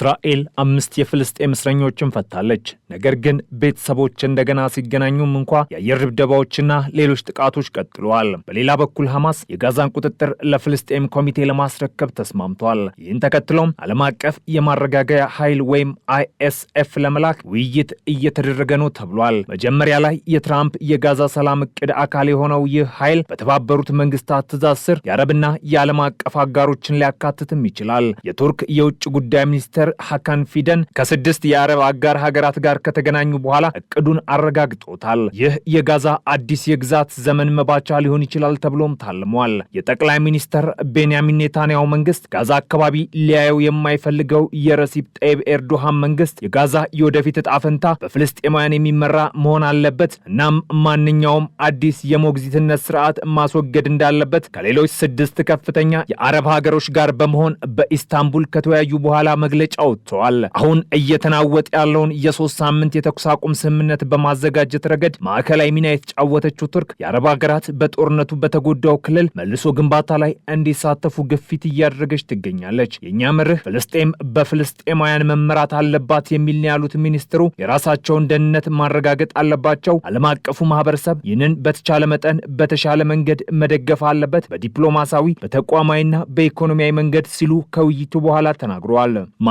እስራኤል አምስት የፍልስጤም እስረኞችን ፈታለች። ነገር ግን ቤተሰቦች እንደገና ሲገናኙም እንኳ የአየር ድብደባዎችና ሌሎች ጥቃቶች ቀጥለዋል። በሌላ በኩል ሐማስ የጋዛን ቁጥጥር ለፍልስጤም ኮሚቴ ለማስረከብ ተስማምቷል። ይህን ተከትሎም ዓለም አቀፍ የማረጋገያ ኃይል ወይም አይኤስኤፍ ለመላክ ውይይት እየተደረገ ነው ተብሏል። መጀመሪያ ላይ የትራምፕ የጋዛ ሰላም እቅድ አካል የሆነው ይህ ኃይል በተባበሩት መንግስታት ትእዛዝ ስር የአረብና የዓለም አቀፍ አጋሮችን ሊያካትትም ይችላል። የቱርክ የውጭ ጉዳይ ሚኒስትር ሀካን ፊደን ከስድስት የአረብ አጋር ሀገራት ጋር ከተገናኙ በኋላ እቅዱን አረጋግጦታል። ይህ የጋዛ አዲስ የግዛት ዘመን መባቻ ሊሆን ይችላል ተብሎም ታልሟል። የጠቅላይ ሚኒስተር ቤንያሚን ኔታንያሁ መንግስት ጋዛ አካባቢ ሊያየው የማይፈልገው የረሲብ ጠይብ ኤርዶሃን መንግስት የጋዛ የወደፊት እጣ ፈንታ በፍልስጤማውያን የሚመራ መሆን አለበት፣ እናም ማንኛውም አዲስ የሞግዚትነት ስርዓት ማስወገድ እንዳለበት ከሌሎች ስድስት ከፍተኛ የአረብ ሀገሮች ጋር በመሆን በኢስታንቡል ከተወያዩ በኋላ መግለጫ መግለጫ ወጥተዋል። አሁን እየተናወጠ ያለውን የሶስት ሳምንት የተኩስ አቁም ስምምነት በማዘጋጀት ረገድ ማዕከላዊ ሚና የተጫወተችው ቱርክ የአረብ ሀገራት በጦርነቱ በተጎዳው ክልል መልሶ ግንባታ ላይ እንዲሳተፉ ግፊት እያደረገች ትገኛለች። የእኛ መርህ ፍልስጤም በፍልስጤማውያን መመራት አለባት የሚል ነው ያሉት ሚኒስትሩ የራሳቸውን ደህንነት ማረጋገጥ አለባቸው። ዓለም አቀፉ ማህበረሰብ ይህንን በተቻለ መጠን በተሻለ መንገድ መደገፍ አለበት፣ በዲፕሎማሲያዊ በተቋማዊና በኢኮኖሚያዊ መንገድ ሲሉ ከውይይቱ በኋላ ተናግረዋል።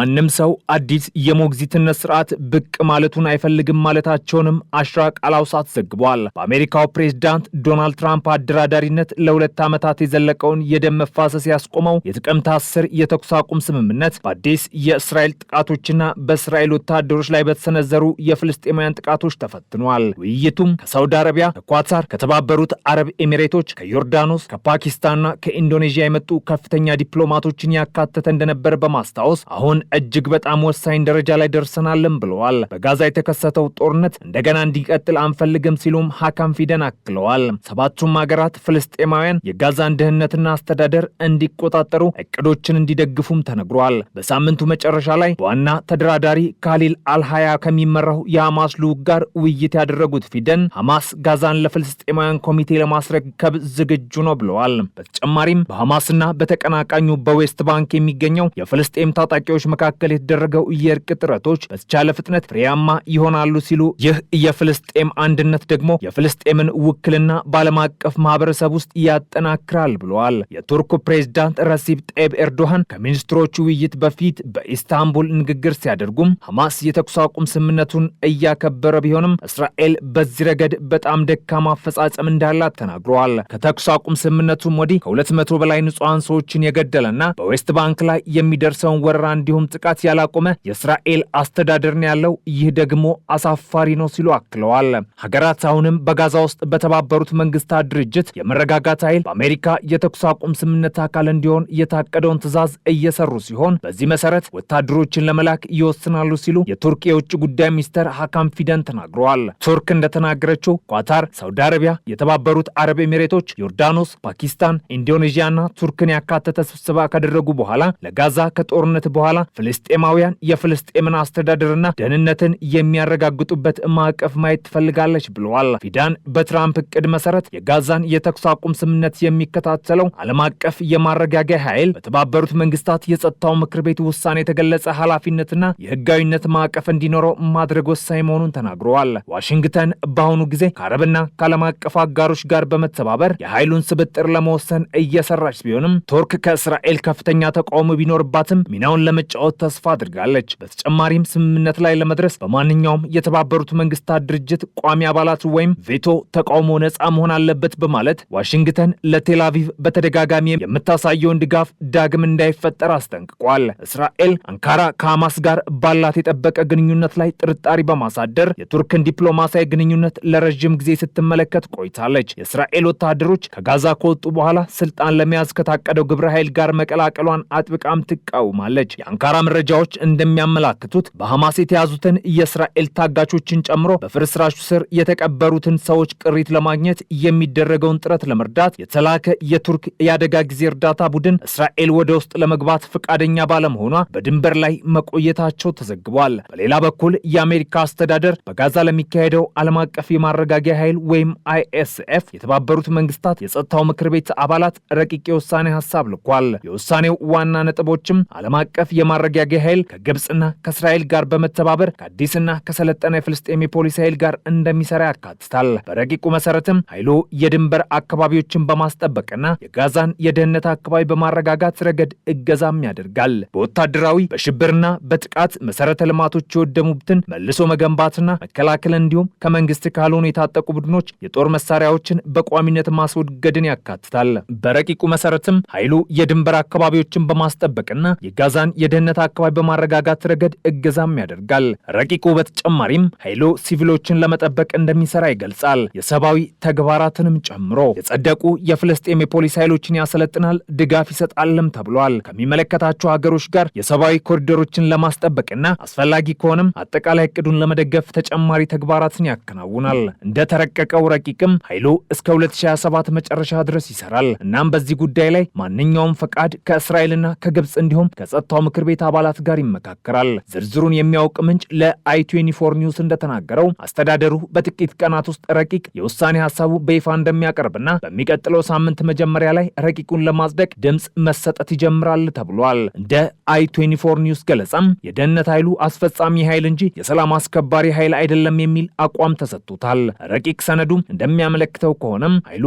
ማንም ሰው አዲስ የሞግዚትነት ስርዓት ብቅ ማለቱን አይፈልግም ማለታቸውንም አሽራ ቃላውሳት ዘግቧል። በአሜሪካው ፕሬዝዳንት ዶናልድ ትራምፕ አደራዳሪነት ለሁለት ዓመታት የዘለቀውን የደም መፋሰስ ያስቆመው የጥቅምት አስር የተኩስ አቁም ስምምነት በአዲስ የእስራኤል ጥቃቶችና በእስራኤል ወታደሮች ላይ በተሰነዘሩ የፍልስጤማውያን ጥቃቶች ተፈትኗል። ውይይቱም ከሳውዲ አረቢያ፣ ከኳታር፣ ከተባበሩት አረብ ኤሚሬቶች፣ ከዮርዳኖስ፣ ከፓኪስታንና ከኢንዶኔዥያ የመጡ ከፍተኛ ዲፕሎማቶችን ያካተተ እንደነበር በማስታወስ አሁን እጅግ በጣም ወሳኝ ደረጃ ላይ ደርሰናልም ብለዋል። በጋዛ የተከሰተው ጦርነት እንደገና እንዲቀጥል አንፈልግም ሲሉም ሀካም ፊደን አክለዋል። ሰባቱም ሀገራት ፍልስጤማውያን የጋዛን ድህነትና አስተዳደር እንዲቆጣጠሩ እቅዶችን እንዲደግፉም ተነግሯል። በሳምንቱ መጨረሻ ላይ በዋና ተደራዳሪ ካሊል አልሃያ ከሚመራው የሐማስ ልዑክ ጋር ውይይት ያደረጉት ፊደን ሐማስ ጋዛን ለፍልስጤማውያን ኮሚቴ ለማስረከብ ዝግጁ ነው ብለዋል። በተጨማሪም በሐማስና በተቀናቃኙ በዌስት ባንክ የሚገኘው የፍልስጤም ታጣቂዎች መካከል መካከል የተደረገው የእርቅ ጥረቶች በተቻለ ፍጥነት ፍሬያማ ይሆናሉ ሲሉ፣ ይህ የፍልስጤም አንድነት ደግሞ የፍልስጤምን ውክልና በዓለም አቀፍ ማህበረሰብ ውስጥ ያጠናክራል ብለዋል። የቱርኩ ፕሬዝዳንት ረሲብ ጤብ ኤርዶሃን ከሚኒስትሮቹ ውይይት በፊት በኢስታንቡል ንግግር ሲያደርጉም ሐማስ የተኩስ አቁም ስምምነቱን እያከበረ ቢሆንም እስራኤል በዚህ ረገድ በጣም ደካማ አፈጻጸም እንዳላት ተናግረዋል። ከተኩስ አቁም ስምምነቱም ወዲህ ከሁለት መቶ በላይ ንጹሐን ሰዎችን የገደለና በዌስት ባንክ ላይ የሚደርሰውን ወረራ እንዲሁም ጥቃት ያላቆመ የእስራኤል አስተዳደርን ያለው። ይህ ደግሞ አሳፋሪ ነው ሲሉ አክለዋል። ሀገራት አሁንም በጋዛ ውስጥ በተባበሩት መንግስታት ድርጅት የመረጋጋት ኃይል በአሜሪካ የተኩስ አቁም ስምምነት አካል እንዲሆን የታቀደውን ትዕዛዝ እየሰሩ ሲሆን በዚህ መሰረት ወታደሮችን ለመላክ ይወስናሉ ሲሉ የቱርክ የውጭ ጉዳይ ሚኒስተር ሀካም ፊደን ተናግረዋል። ቱርክ እንደተናገረችው ኳታር፣ ሳውዲ አረቢያ፣ የተባበሩት አረብ ኤሚሬቶች፣ ዮርዳኖስ፣ ፓኪስታን፣ ኢንዶኔዥያና ቱርክን ያካተተ ስብሰባ ካደረጉ በኋላ ለጋዛ ከጦርነት በኋላ ፍልስጤማውያን የፍልስጤምን አስተዳደርና ደህንነትን የሚያረጋግጡበት ማዕቀፍ ማየት ትፈልጋለች ብለዋል። ፊዳን በትራምፕ እቅድ መሰረት የጋዛን የተኩስ አቁም ስምነት የሚከታተለው ዓለም አቀፍ የማረጋጊያ ኃይል በተባበሩት መንግስታት የጸጥታው ምክር ቤት ውሳኔ የተገለጸ ኃላፊነትና የህጋዊነት ማዕቀፍ እንዲኖረው ማድረግ ወሳኝ መሆኑን ተናግረዋል። ዋሽንግተን በአሁኑ ጊዜ ከአረብና ከዓለም አቀፍ አጋሮች ጋር በመተባበር የኃይሉን ስብጥር ለመወሰን እየሰራች ቢሆንም ቱርክ ከእስራኤል ከፍተኛ ተቃውሞ ቢኖርባትም ሚናውን ለመጫወት ተስፋ አድርጋለች። በተጨማሪም ስምምነት ላይ ለመድረስ በማንኛውም የተባበሩት መንግስታት ድርጅት ቋሚ አባላት ወይም ቬቶ ተቃውሞ ነፃ መሆን አለበት በማለት ዋሽንግተን ለቴላቪቭ በተደጋጋሚ የምታሳየውን ድጋፍ ዳግም እንዳይፈጠር አስጠንቅቋል። እስራኤል አንካራ ከሐማስ ጋር ባላት የጠበቀ ግንኙነት ላይ ጥርጣሬ በማሳደር የቱርክን ዲፕሎማሲያዊ ግንኙነት ለረዥም ጊዜ ስትመለከት ቆይታለች። የእስራኤል ወታደሮች ከጋዛ ከወጡ በኋላ ስልጣን ለመያዝ ከታቀደው ግብረ ኃይል ጋር መቀላቀሏን አጥብቃም ትቃውማለች። የአንካራ መረጃዎች እንደሚያመላክቱት በሐማስ የተያዙትን የእስራኤል ታጋቾችን ጨምሮ በፍርስራሹ ስር የተቀበሩትን ሰዎች ቅሪት ለማግኘት የሚደረገውን ጥረት ለመርዳት የተላከ የቱርክ የአደጋ ጊዜ እርዳታ ቡድን እስራኤል ወደ ውስጥ ለመግባት ፈቃደኛ ባለመሆኗ በድንበር ላይ መቆየታቸው ተዘግቧል። በሌላ በኩል የአሜሪካ አስተዳደር በጋዛ ለሚካሄደው ዓለም አቀፍ የማረጋጊያ ኃይል ወይም አይኤስኤፍ የተባበሩት መንግስታት የጸጥታው ምክር ቤት አባላት ረቂቅ የውሳኔ ሀሳብ ልኳል። የውሳኔው ዋና ነጥቦችም ዓለም አቀፍ የማረጊያ ታዳጊ ኃይል ከግብፅና ከእስራኤል ጋር በመተባበር ከአዲስና ከሰለጠነ የፍልስጤም የፖሊስ ኃይል ጋር እንደሚሰራ ያካትታል። በረቂቁ መሰረትም ኃይሉ የድንበር አካባቢዎችን በማስጠበቅና የጋዛን የደህንነት አካባቢ በማረጋጋት ረገድ እገዛም ያደርጋል። በወታደራዊ በሽብርና በጥቃት መሰረተ ልማቶች የወደሙትን መልሶ መገንባትና መከላከል እንዲሁም ከመንግስት ካልሆኑ የታጠቁ ቡድኖች የጦር መሳሪያዎችን በቋሚነት ማስወገድን ያካትታል። በረቂቁ መሰረትም ኃይሉ የድንበር አካባቢዎችን በማስጠበቅና የጋዛን የደህንነት አካባቢ በማረጋጋት ረገድ እገዛም ያደርጋል። ረቂቁ በተጨማሪም ኃይሉ ሲቪሎችን ለመጠበቅ እንደሚሰራ ይገልጻል። የሰብአዊ ተግባራትንም ጨምሮ የጸደቁ የፍልስጤም የፖሊስ ኃይሎችን ያሰለጥናል፣ ድጋፍ ይሰጣልም ተብሏል። ከሚመለከታቸው ሀገሮች ጋር የሰብአዊ ኮሪደሮችን ለማስጠበቅና አስፈላጊ ከሆነም አጠቃላይ እቅዱን ለመደገፍ ተጨማሪ ተግባራትን ያከናውናል። እንደተረቀቀው ረቂቅም ኃይሉ እስከ 2027 መጨረሻ ድረስ ይሰራል። እናም በዚህ ጉዳይ ላይ ማንኛውም ፈቃድ ከእስራኤልና ከግብፅ እንዲሁም ከጸጥታው ምክር ቤት አባላት ጋር ይመካከራል። ዝርዝሩን የሚያውቅ ምንጭ ለአይ24 ኒውስ እንደተናገረው አስተዳደሩ በጥቂት ቀናት ውስጥ ረቂቅ የውሳኔ ሀሳቡ በይፋ እንደሚያቀርብና በሚቀጥለው ሳምንት መጀመሪያ ላይ ረቂቁን ለማጽደቅ ድምፅ መሰጠት ይጀምራል ተብሏል። እንደ አይ24 ኒውስ ገለጻም የደህንነት ኃይሉ አስፈጻሚ ኃይል እንጂ የሰላም አስከባሪ ኃይል አይደለም የሚል አቋም ተሰጥቶታል። ረቂቅ ሰነዱ እንደሚያመለክተው ከሆነም ኃይሉ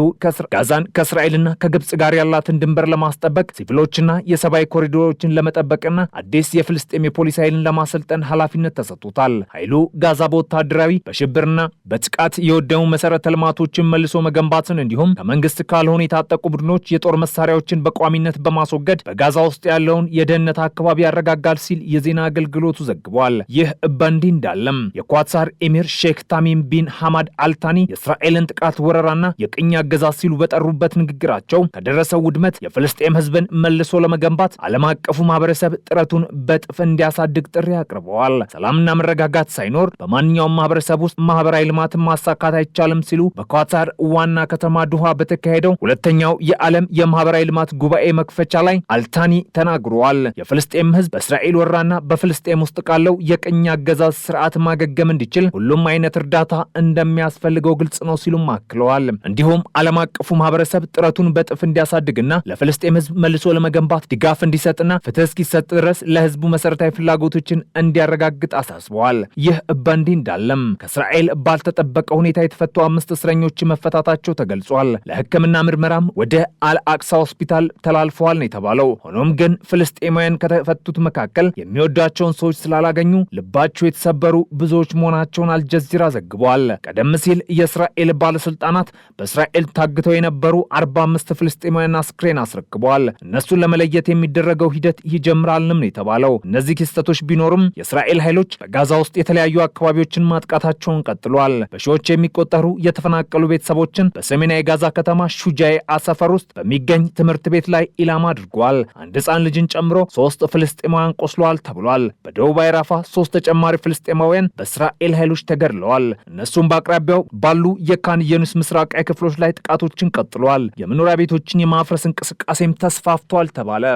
ጋዛን ከእስራኤልና ከግብፅ ጋር ያላትን ድንበር ለማስጠበቅ ሲቪሎችና የሰብአዊ ኮሪዶሮችን ለመጠበቅና አዲስ የፍልስጤም የፖሊስ ኃይልን ለማሰልጠን ኃላፊነት ተሰጥቶታል። ኃይሉ ጋዛ በወታደራዊ በሽብርና በጥቃት የወደሙ መሰረተ ልማቶችን መልሶ መገንባትን እንዲሁም ከመንግስት ካልሆኑ የታጠቁ ቡድኖች የጦር መሳሪያዎችን በቋሚነት በማስወገድ በጋዛ ውስጥ ያለውን የደህንነት አካባቢ ያረጋጋል ሲል የዜና አገልግሎቱ ዘግቧል። ይህ በእንዲህ እንዳለም የኳታር ኤሚር ሼክ ታሚም ቢን ሐማድ አልታኒ የእስራኤልን ጥቃት ወረራና የቅኝ አገዛዝ ሲሉ በጠሩበት ንግግራቸው ከደረሰው ውድመት የፍልስጤም ህዝብን መልሶ ለመገንባት ዓለም አቀፉ ማህበረሰብ ጥረቱን አቅሙን በጥፍ እንዲያሳድግ ጥሪ አቅርበዋል። ሰላምና መረጋጋት ሳይኖር በማንኛውም ማህበረሰብ ውስጥ ማህበራዊ ልማትን ማሳካት አይቻልም ሲሉ በኳታር ዋና ከተማ ዱሃ በተካሄደው ሁለተኛው የዓለም የማህበራዊ ልማት ጉባኤ መክፈቻ ላይ አልታኒ ተናግረዋል። የፍልስጤም ህዝብ በእስራኤል ወራና በፍልስጤም ውስጥ ካለው የቅኝ አገዛዝ ስርዓት ማገገም እንዲችል ሁሉም አይነት እርዳታ እንደሚያስፈልገው ግልጽ ነው ሲሉም አክለዋል። እንዲሁም ዓለም አቀፉ ማህበረሰብ ጥረቱን በጥፍ እንዲያሳድግና ለፍልስጤም ህዝብ መልሶ ለመገንባት ድጋፍ እንዲሰጥና ፍትህ እስኪሰጥ ድረስ ለህዝቡ መሰረታዊ ፍላጎቶችን እንዲያረጋግጥ አሳስበዋል። ይህ እባንዲ እንዳለም ከእስራኤል ባልተጠበቀ ሁኔታ የተፈቱ አምስት እስረኞች መፈታታቸው ተገልጿል። ለህክምና ምርመራም ወደ አልአቅሳ ሆስፒታል ተላልፈዋል ነው የተባለው። ሆኖም ግን ፍልስጤማውያን ከተፈቱት መካከል የሚወዷቸውን ሰዎች ስላላገኙ ልባቸው የተሰበሩ ብዙዎች መሆናቸውን አልጀዚራ ዘግቧል። ቀደም ሲል የእስራኤል ባለስልጣናት በእስራኤል ታግተው የነበሩ አምስት ፍልስጤማውያን አስክሬን አስረክበዋል። እነሱን ለመለየት የሚደረገው ሂደት ይጀምራልንም ነው የተባለው። እነዚህ ክስተቶች ቢኖርም የእስራኤል ኃይሎች በጋዛ ውስጥ የተለያዩ አካባቢዎችን ማጥቃታቸውን ቀጥሏል። በሺዎች የሚቆጠሩ የተፈናቀሉ ቤተሰቦችን በሰሜናዊ ጋዛ ከተማ ሹጃዬ አሰፈር ውስጥ በሚገኝ ትምህርት ቤት ላይ ኢላማ አድርጓል። አንድ ህፃን ልጅን ጨምሮ ሶስት ፍልስጤማውያን ቆስለዋል ተብሏል። በደቡባዊ ራፋ ሶስት ተጨማሪ ፍልስጤማውያን በእስራኤል ኃይሎች ተገድለዋል። እነሱም በአቅራቢያው ባሉ የካን የኑስ ምስራቃዊ ክፍሎች ላይ ጥቃቶችን ቀጥሏል። የመኖሪያ ቤቶችን የማፍረስ እንቅስቃሴም ተስፋፍቷል ተባለ።